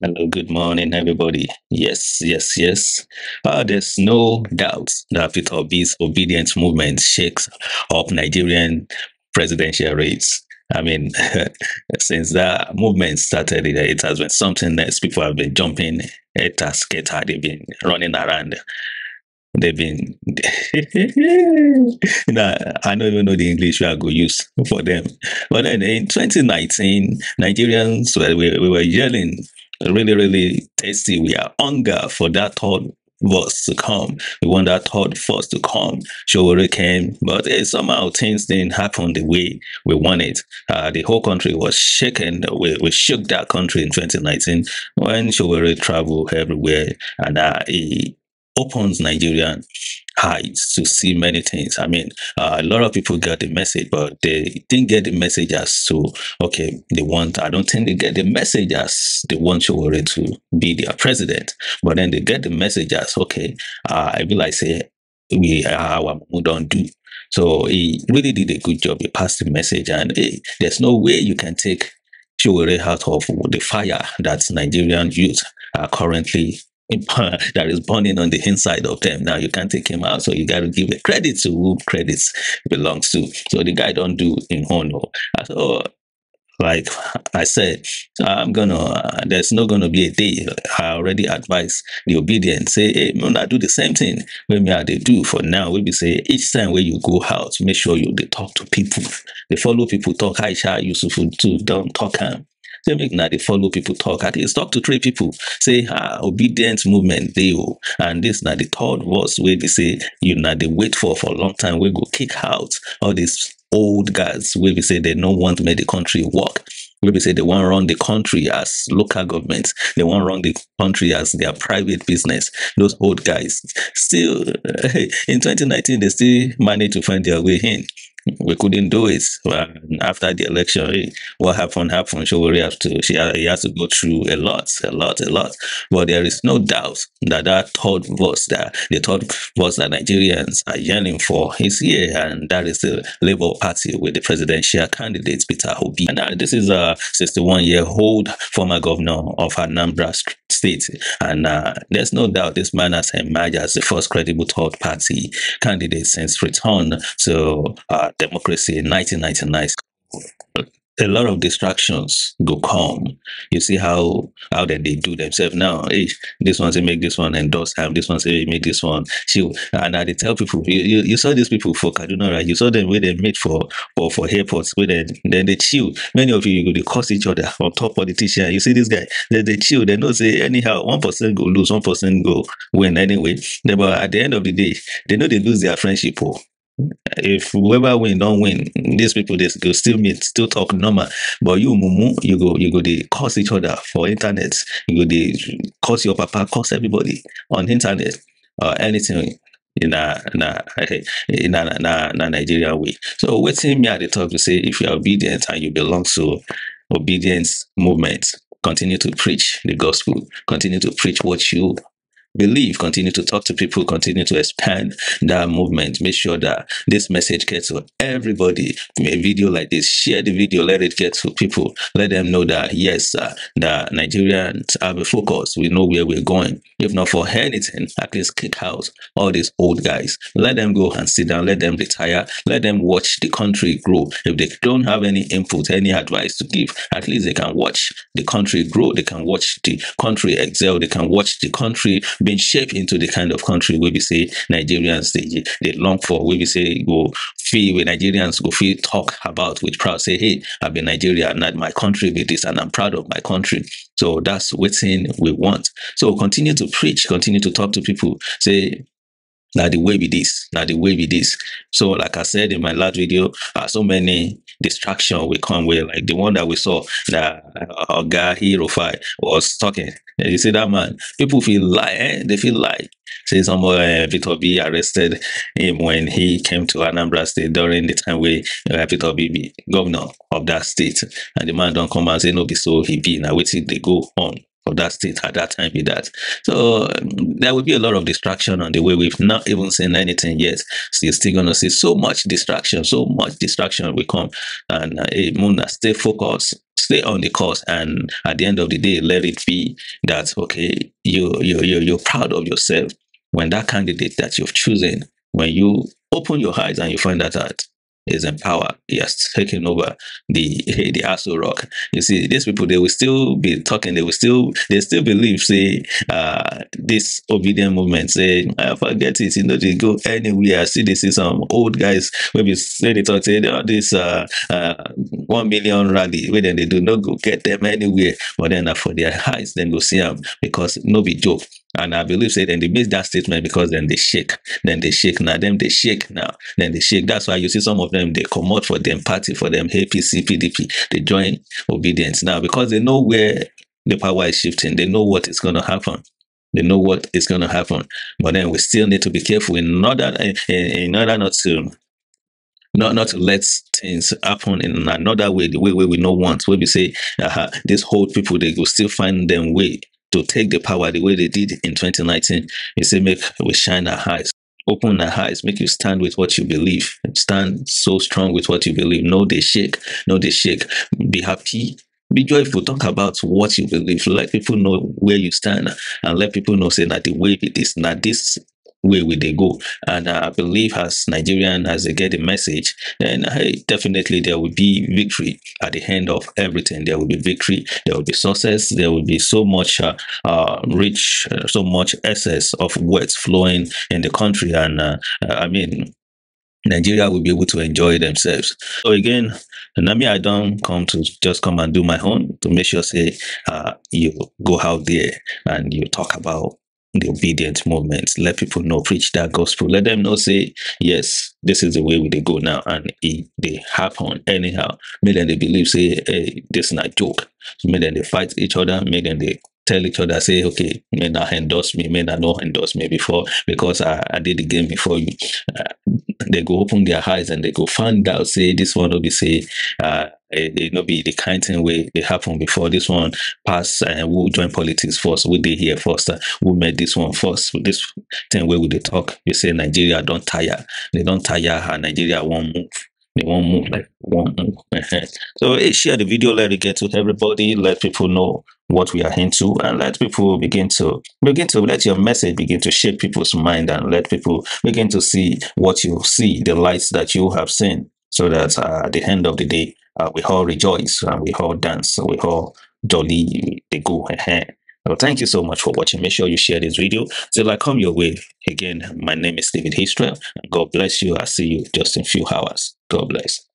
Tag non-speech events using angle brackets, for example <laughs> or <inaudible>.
Hello, good morning, everybody. Yes, yes, yes. Uh, there's no doubt that Peter Obi's obedience movement shakes up Nigerian presidential race. I mean, <laughs> since that movement started, it has been something that people have been jumping it has scatter. They've been running around. They've been, you <laughs> I don't even know the English I go use for them. But then in 2019, Nigerians, well, we, we were yelling really, really tasty. We are hunger for that third was to come. We want that third first to come. Sure, it came, but hey, somehow things didn't happen the way we wanted. Uh, the whole country was shaken. We, we shook that country in 2019 when Showere traveled everywhere and uh, he opens Nigerian eyes to see many things. I mean, uh, a lot of people get the message, but they didn't get the message as to, okay, they want, I don't think they get the message as they want Showore to be their president. But then they get the message as, okay, uh, I will like say, we are uh, we don't do. So he really did a good job. He passed the message, and hey, there's no way you can take Chiwere out of the fire that Nigerian youth are currently <laughs> that is burning on the inside of them. Now you can't take him out. So you got to give the credit to who credits belongs to. So the guy don't do in honor. So like I said, I'm gonna. Uh, there's not gonna be a day. I already advise the obedient. Say, hey, man, I do the same thing. When me they do for now. We be say each time when you go out, make sure you they talk to people. They follow people talk. Aisha, Yusuf, too. Don't talk him say make now they follow people talk at least talk to three people say ah obedience movement They o oh. and this now the third verse where they say you now they wait for for a long time We go kick out all these old guys Where we say they no want make the country work Maybe say they want run the country as local government they want run the country as their private business those old guys still <laughs> in 2019 they still manage to find their way in we couldn't do it. after the election, what happened happened. Showori has to she he has to go through a lot, a lot, a lot. But there is no doubt that that third voice, that the third voice that Nigerians are yearning for is here, and that is the Labour Party with the presidential candidate Peter Obi. And this is a 61-year-old former governor of Anambra and uh, there's no doubt this man has emerged as the first credible third party candidate since return to uh, democracy in 1999. a lot of distractions go come. You see how how that they do themselves now. Hey, this one say make this one endorse him. This one say make this one. She and I they tell people you, you, you saw these people for Kaduna, right? You saw them where they meet for or for airports where they then they chill. Many of you you go they curse each other on top politician. You see this guy, they, they chill, they don't say anyhow, one person go lose, one person go win anyway. But at the end of the day, they know they lose their friendship. Oh. if whoever win don't win, these people they go still meet, still talk normal. But you mumu, you go you go they curse each other for internet. You go they curse your papa, curse everybody on internet or uh, anything in a uh, na in a uh, na, na Nigeria way. So waiting me at the top to say if you're obedient and you belong to obedience movement, continue to preach the gospel, continue to preach what you believe, continue to talk to people, continue to expand that movement. Make sure that this message gets to everybody. A video like this, share the video, let it get to people. Let them know that, yes, uh, that Nigerians are a focus. We know where we're going. If not for anything, at least kick out all these old guys. Let them go and sit down. Let them retire. Let them watch the country grow. If they don't have any input, any advice to give, at least they can watch the country grow. They can watch the country excel. They can watch the country been shaped into the kind of country where we say Nigerians they, they long for, where we say go feel where Nigerians go feel talk about with proud, say, hey, I've been Nigeria and my country with this and I'm proud of my country. So that's what we want. So continue to preach, continue to talk to people, say Now the way be this. Now the way be this. So, like I said in my last video, uh, so many distraction will come with like the one that we saw that uh, our guy Hero Five was talking. You see that man? People feel like eh? they feel like See, someone uh, Peter B arrested him when he came to Anambra State during the time where uh, Peter B be governor of that state, and the man don't come and say no be so he be now waiting they go on. of that state at that time be that. So there will be a lot of distraction on the way. We've not even seen anything yet. So you're still going to see so much distraction, so much distraction will come. And uh, moon that stay focused, stay on the course. And at the end of the day, let it be that, okay, you, you, you, you're proud of yourself when that candidate that you've chosen, when you open your eyes and you find that out, is in power. He has taken over the <laughs> the Aso Rock. You see, these people they will still be talking. They will still they still believe say uh, this obedient movement. Say I ah, forget it. You know they go anywhere. I see they see some old guys maybe say they talk say oh, this uh, uh one million rally. Where then they do not go get them anywhere. But then for their eyes then go see them because no be joke. And I believe said, and they miss that statement because then they shake, then they shake now, then they shake now, then they shake. That's why you see some of them, they come out for them party, for them APC, PDP. They join obedience now because they know where the power is shifting. They know what is going to happen. They know what is going to happen. But then we still need to be careful in order, in order not to not not to let things happen in another way, the way, way we not want. Where we say, uh, these whole people, they will still find them way to take the power the way they did in 2019. He said, make we shine our eyes, open our eyes, make you stand with what you believe. Stand so strong with what you believe. No, they shake. No, they shake. Be happy. Be joyful. Talk about what you believe. Let people know where you stand and let people know, say, that the way it is, Not this way will they go? And I believe as Nigerian as they get the message, then hey, definitely there will be victory at the end of everything. There will be victory. There will be success. There will be so much uh, uh, rich, uh, so much excess of wealth flowing in the country. And uh, uh, I mean, Nigeria will be able to enjoy themselves. So again, Nami, I don't come to just come and do my own to make sure say uh, you go out there and you talk about the obedient movement. Let people know, preach that gospel. Let them know, say, yes, this is the way we go now. And it they happen anyhow. Make them they believe, say, hey, this is not joke. Make them they fight each other. Make them they tell each other, say, okay, may not endorse me, may not not endorse me before because I, I did the game before you. Uh, they go open their eyes and they go find out, say, this one will be say, uh, it, it not be the kind thing where it happened before this one pass and uh, eh, we will join politics first. We will did here first. Uh, eh, we met made this one first. This thing where we talk, you say Nigeria don't tire. They don't tire and Nigeria won't move. They won't move like won't move. <laughs> so hey, share the video, let it get to everybody, let people know what we are into and let people begin to begin to let your message begin to shape people's mind and let people begin to see what you see the lights that you have seen so that uh, at the end of the day uh, we all rejoice and we all dance we all jolly they go ahead well, thank you so much for watching. Make sure you share this video till I come your way. Again, my name is David and God bless you. I'll see you just in a few hours. God bless.